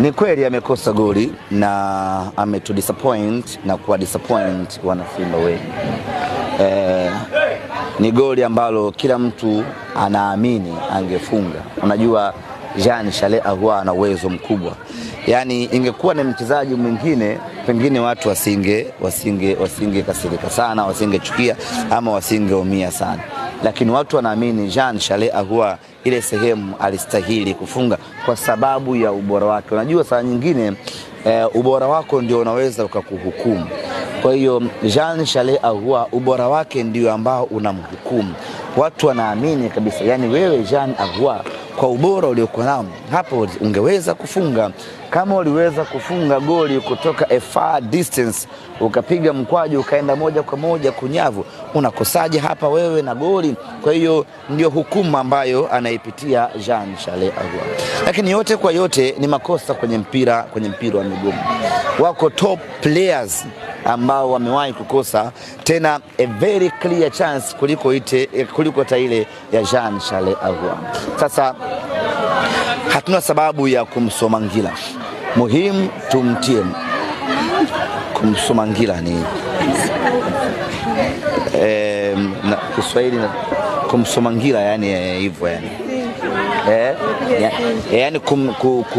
Ni kweli amekosa goli na disappoint na kuwa disappoint wanasimba wengi eh, ni goli ambalo kila mtu anaamini angefunga. Unajua Jean Shalea huwa ana uwezo mkubwa, yaani ingekuwa ni mchezaji mwingine pengine watu wasinge wasinge wasinge kasirika sana, wasingechukia ama wasingeumia sana lakini watu wanaamini Jean Charles Ahoua ile sehemu alistahili kufunga kwa sababu ya ubora wake. Unajua saa nyingine e, ubora wako ndio unaweza ukakuhukumu. Kwa hiyo Jean Charles Ahoua ubora wake ndio ambao unamhukumu. Watu wanaamini kabisa, yani wewe Jean Ahoua kwa ubora uliokuwa nao, hapo ungeweza kufunga. Kama uliweza kufunga goli kutoka a far distance, ukapiga mkwaju ukaenda moja kwa moja kunyavu, unakosaje hapa wewe na goli? Kwa hiyo ndio hukumu ambayo anaipitia Jean Charles Ahoua. Lakini yote kwa yote ni makosa kwenye mpira, kwenye mpira wa miguu wako top players ambao wamewahi kukosa tena a very clear chance kuliko, ite, kuliko taile ya Jean Charles Ahoua. Sasa hatuna sababu ya kumsoma ngila, muhimu tumtie kumsoma ngila ni e, na Kiswahili na kumsoma ngila yani eh, hivyo e, yani e, yani kum, ku, ku,